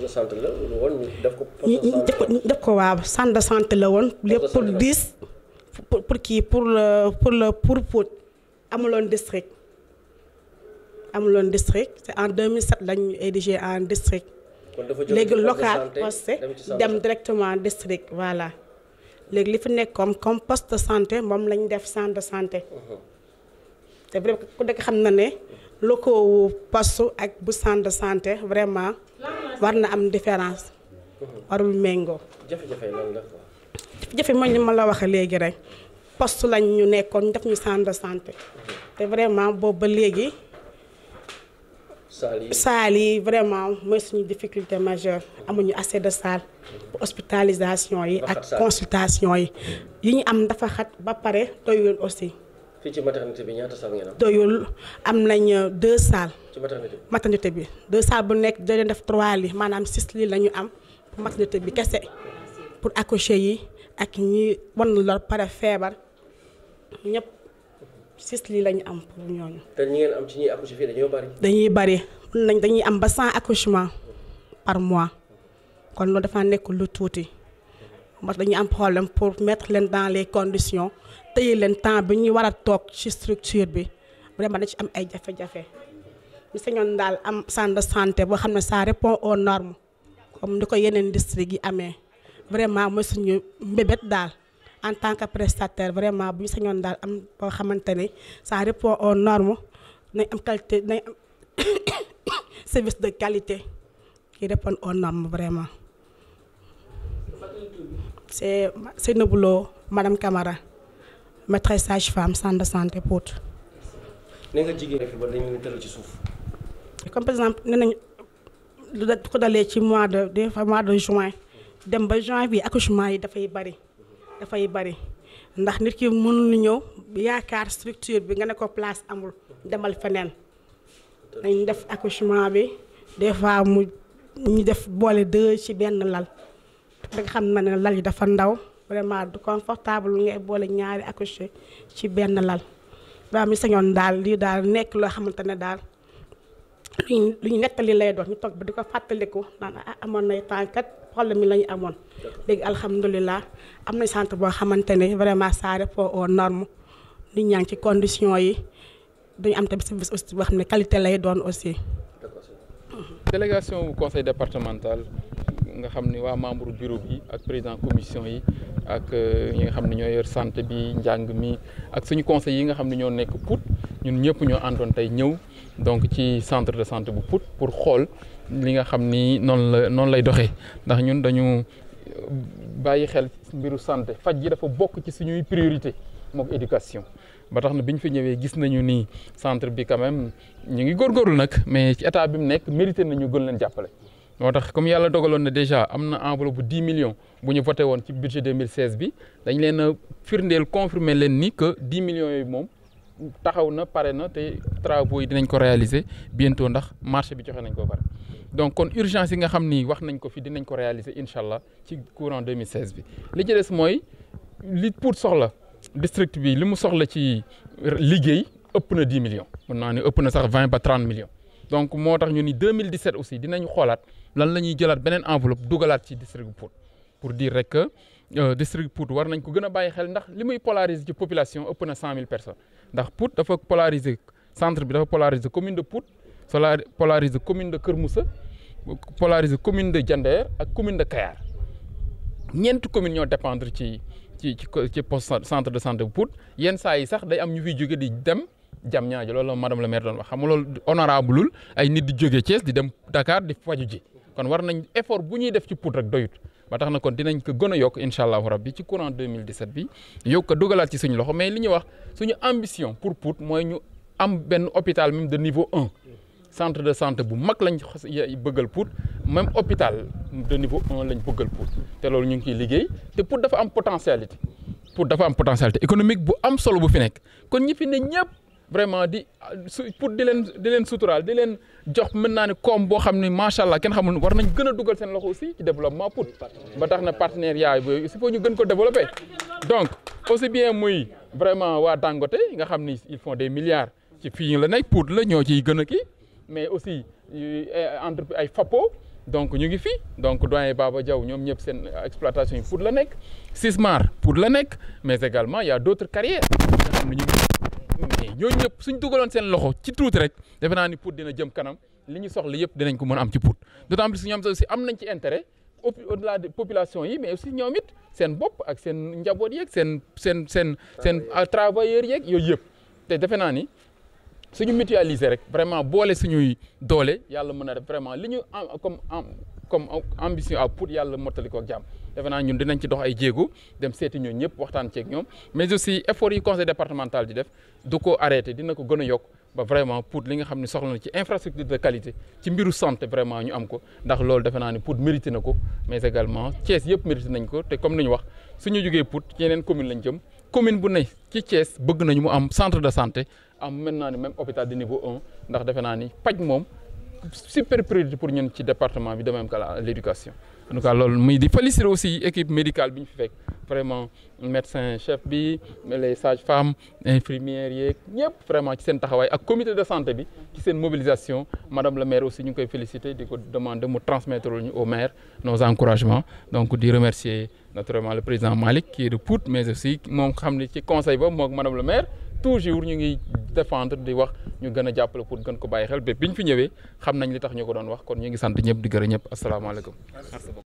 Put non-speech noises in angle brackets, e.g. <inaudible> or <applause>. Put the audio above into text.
poste de def ko. def ko waaw centre de santé la woon. lépp pour dix pour kii pour le pour le pour Pout amuloon district. amuloon district c'est en 2007 lañu érigé en district. léegi local poste dem directement district voilà. léegi li fi nekk comme comme poste de santé moom lañ def centre de santé. Uh-huh. te vraiment ku xam na ne locaux poste ak bu centre de santé vraiment. war na am différence warul méngoo. jafe-jafe lan la mooy li ma la waxee léegi rek poste lañ ñu nekkoon def ñu centre de santé te vraiment boobu ba léegi. saal yi vraiment mooy suñu difficulté majeure amuñu assez de salle pour hospitalisation yi. ak consultation yi yi ñu am dafa xat ba pare doyul aussi. fii ci maternité bi ñaata salle doyul am nañ euh, deux salles. ci maternité bi maternité bi deux salles bu nekk da leen def trois lits maanaam six lits la ñu am pour maternité bi kese pour accoucher yi ak ñi wan lor pare feebar ñëpp six lits la am pour ñooñu. te ñi ngeen am ci ñuy dañuy bari nañ dañuy am ba cent accouchement par mois kon loolu dafa nekk lu tuuti. parce dañuy am problème pour mettre leen dans les conditions téye leen temps bi ñuy war a toog ci structure bi vraiment da ci am ay jafe-jafe ñu sañoon daal am centre de santé boo xam ne ça répond aux normes comme ni ko yeneen district yi amee vraiment mooy suñu mbébét daal en tant que prestataire vraiment bu ñu sañoon daal am boo xamante ni ça répond aux normes nañ am qualité nañ am <coughs> service de qualité qui répond aux normes vraiment c'est Seynabou Lo madame Camara maîtresse sage-femme centre de santé Pout. ne nga jigéen fi ba dañu leen tëral ci suuf. comme par exemple nee nañu ko dalee ci mois de des fois mois de juin dem ba juin bi accouchement yi dafay bari dafay bari ndax nit ki mënul ñëw yaakaar structure bi nga ne ko place amul demal feneen dañ def accouchement bi des fois mu ñu def boole deux ci benn lal. da nga na ne lal yi dafa ndaw vraiment du confortable ngay boole ñaari accouché ci benn lal ba mi señoon daal lii daal nekk loo xamante ne daal luñ luñ nettali lay doon ñu toog ba di ko fàttaliku naan ah amoon nay tànkat problème mi la amoon léegi alhamdulilah am na centre boo xamante ne vraiment ça répond aux normes nit ñaa ci condition yi duñu am tamit service aussi boo xam ne qualité lay doon aussi délégation bu conseil départemental nga xam ni waa membre bureau bi ak président commission yi ak euh, ñi nga xam ne ñoo yor santé bi njàng mi ak suñu conseil yi nga xam ne ñoo nekk Pout ñun ñëpp ñoo àndoon tey ñëw donc ci centre de santé bu Pout pour xool li nga xam ni noonu la noonu lay doxee ndax ñun dañu euh, bàyyi xel mbiru santé faj yi dafa bokk ci suñuy priorité mook éducation ba tax na bi ñu fi ñëwee gis nañu nii centre bi quand ñu ngi góorgóorlu nag mais ci état bi mu nekk mérité nañu gën leen jàppale moo tax comme yàlla dogaloon na déjà am na enveloppe bu 10 millions bu ñu voté woon ci budget 2016 bi dañ leen firndeel confirmer leen ni que 10 millions yi moom taxaw na pare na te travaux yi dinañ ko réaliser bientôt ndax marché bi joxe nañ ko pare donc kon urgence yi nga xam ni wax nañ ko fi dinañ ko réaliser incha allah ci courant 2016 bi li ci des mooy li pour soxla district bi li mu soxla ci liggéey ëpp na 10 millions mën naa ne ëpp na sax 20 ba 30 millions donc moo tax ñu ni 2017 aussi dinañu xoolaat lan la ñuy jëlaat beneen enveloppe dugalaat ci district bu pour dire rek que euh, district Pout war nañ ko gën a bàyyi xel ndax li muy polariser ci population ëpp na 100000 personnes ndax Pout dafa polariser centre bi dafa polariser commune de Pout polariser commune de Kër Moussa polariser commune de Diender ak commune de Kayar ñeenti communes ñoo dépendre ci ci ci ci poste centre de santé bu Pout yenn saa yi sax day am ñu fiy jóge di dem. jam ñaajo loolu la madame le maire doon wax xam nga loolu honorableul ay nit di jóge Thiès di dem Dakar di faju ji kon war nañ effort bu ñuy def ci Pout rek doyut ba tax na kon dinañ ko gën yokk incha allahu rabbi ci courant 2017 bi yokk ko dugalaat ci suñu loxo mais li ñuy wax suñu ambition pour Pout mooy ñu am benn hôpital même de niveau un centre de santé bu mag lañ bëggal Pout même hôpital de niveau un lañ bëggal Pout te loolu ñu ngi ciy liggéey te Pout dafa am potentialité Pout dafa am potentialité économique bu am solo bu fi nekk kon ñi fi ne ñëpp vraiment di pour di leen di leen suturaal di leen jox mën naa ne koom boo xam ne macha allah kenn xamul war nañ gën a dugal seen loxo aussi ci développement Pout ba tax na partenariat yooyu il faut ñu gën ko développer donc aussi bien muy vraiment waa Dangote nga xam ni il font des milliards ci fii la nekk Pout la ñoo ci gën ki mais aussi euh, entre ay FAPO donc ñu ngi fi donc doyen Baba Diaw ñoom ñëpp seen exploitation yi Pout la nekk Sismar Pout la nekk mais également a d'autres carrières ñooñu ñëpp suñ dugaloon seen loxo ci tuuti rek defe naa ni Pout dina jëm kanam li ñu soxla yëpp dinañ ko mën a am ci Pout d'autant plus que ñoom aussi am nañ ci intérêt au-delà de population yi mais si ñoom it seen bopp ak seen njaboot yeeg seen seen seen seen travailleurs yeeg yooyu yëpp te defe naa ni suñu mutualiser rek vraiment boole ñuy doole yàlla mën a def vraiment li ñu am comme am comme ambition à pour yàlla mottali ko ak jàmm defe naa ñun dinañ ci dox ay jéego dem seeti ñooñu ñëpp waxtaan ceeg ñoom mais aussi effort yi conseil départemental di def du ko arrêté dina ko gën a yokk ba vraiment pour li nga xam ne soxla na ci infrastructure de qualité ci mbiru santé vraiment ñu am ko ndax loolu defe naa ne Pout mérité na ko mais également Thiès yëpp mérité nañ ko te comme ni ñu wax suñu jógee Pout yeneen commune lañ jëm commune bu ne ci Thiès bëgg nañu mu am centre de santé am maintenant ni même hôpital de niveau un ndax defe naa ni paj moom super priorité pour ñun ci département bi de même que l'éducation en tout cas muy di féliciter aussi équipe médicale bi ñu fi fekk vraiment médecin chef bi les sages femmes infirmières yeeg ñëpp vraiment ci seen taxawaay ak comité de santé bi ci seen mobilisation madame le maire aussi ñu ngi koy féliciter di ko demander mu transmettre ñu au maire nos encouragements donc di remercier naturellement le président Malick qui est Pout mais aussi moom xam ne ci conseil ba moom madame le toujours ñu ngi défendre di wax ñu gën a jàppale pour gën ko bàyyi xel ba bi ñu fi ñëwee xam nañ li tax ñu ko doon wax kon ñu ngi sant ñëpp di gërëm ñëpp asalaamaaleykum.